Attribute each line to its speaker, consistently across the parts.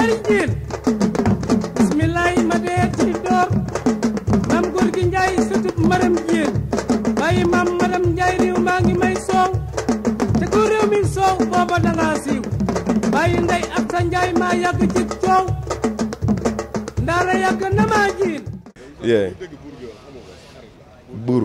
Speaker 1: alal jiin bismillaay ma dee ci door maam góor gi njaay sëtub maram jiin bàyyi maam maram njaay réew maa ngi may soow te ko réew mi soow booba danga siiw bàyyi ndey ak sa njaay maa yàgg ci coow ndaara yàgg na maa jiin
Speaker 2: yee buur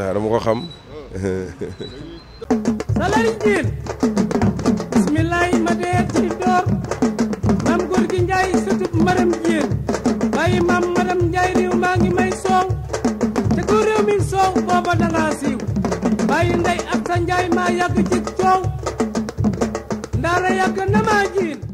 Speaker 2: a dama ko xam.
Speaker 1: salay jiin bismillaay ma dee ci door maam góor gi njaay sutub maram jiin bàyyi maam maram njaay réew maa ngi may soow te ko réew mi soow booba dangaa siiw bàyyi ndey ak sa njaay maa yàgg ci coow ndaara yàgg na maa jiin